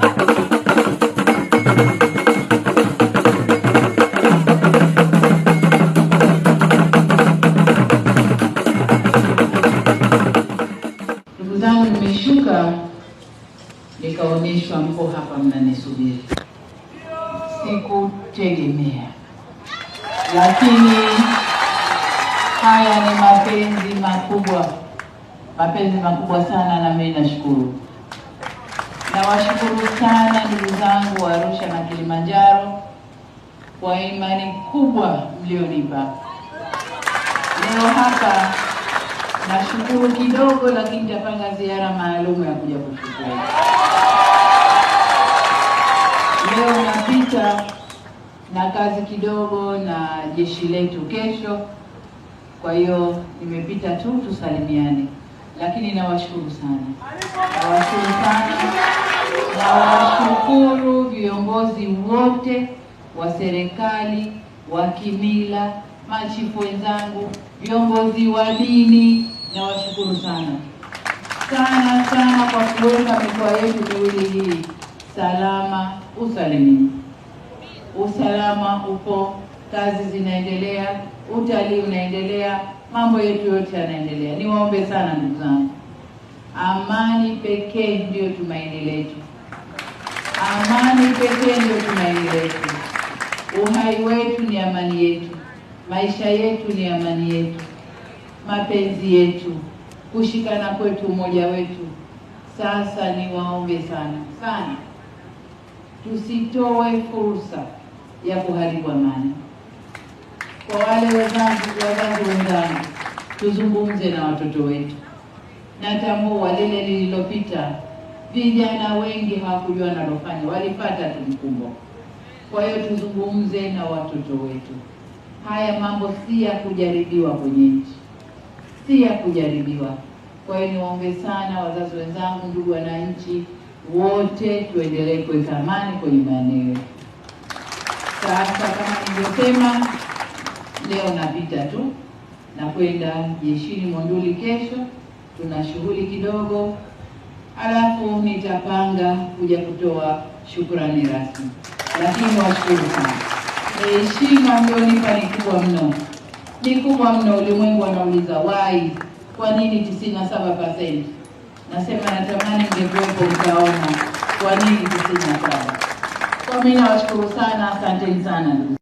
Ah! Ndugu zangu, nimeshuka nikaonyeshwa mko hapa mnanisubiri, sikutegemea, lakini haya ni mapenzi makubwa, mapenzi makubwa sana, na mimi nashukuru. Nawashukuru sana ndugu zangu wa Arusha na Kilimanjaro kwa imani kubwa mlionipa leo hapa nashukuru kidogo, lakini nitafanya ziara maalumu ya kuja kushukuru. Leo napita na kazi kidogo na jeshi letu kesho, kwa hiyo nimepita tu tusalimiane, lakini nawashukuru sana, nawashukuru sana, nawashukuru viongozi wote wa serikali, wa kimila, machifu wenzangu, viongozi wa dini Nawashukuru sana sana sana kwa kuweka mikoa yetu miwili hii salama usalimini. Usalama upo, kazi zinaendelea, utalii unaendelea, mambo yetu yote yanaendelea. Niwaombe sana ndugu zangu, amani pekee ndiyo tumaini letu, amani pekee ndiyo tumaini letu. Uhai wetu ni amani yetu, maisha yetu ni amani yetu mapenzi yetu, kushikana kwetu, umoja wetu. Sasa niwaombe sana sana, tusitoe fursa ya kuharibu amani. Kwa wale wazazi wazazi wenzangu, tuzungumze na watoto wetu. Natambua lile lililopita, vijana wengi hawakujua wanalofanya, walipata tu mkumbo. Kwa hiyo tuzungumze na watoto wetu. Haya mambo si ya kujaribiwa kwenye nchi si ya kujaribiwa. Kwa hiyo niwaombe sana wazazi wenzangu, ndugu wananchi wote, tuendelee kuweka amani kwenye maeneo yetu. Sasa kama nilivyosema, leo napita tu na kwenda jeshini Monduli. Kesho tuna shughuli kidogo, alafu nitapanga kuja kutoa shukrani rasmi, lakini washukuru sana, heshima mlionipa ni kubwa mno. Ni kubwa mno. Ulimwengu anauliza wai, kwa nini 97%? Nasema natamani ningekuwepo mtaona kwa nini 97. Kwa mimi nawashukuru sana, asanteni sana ndugu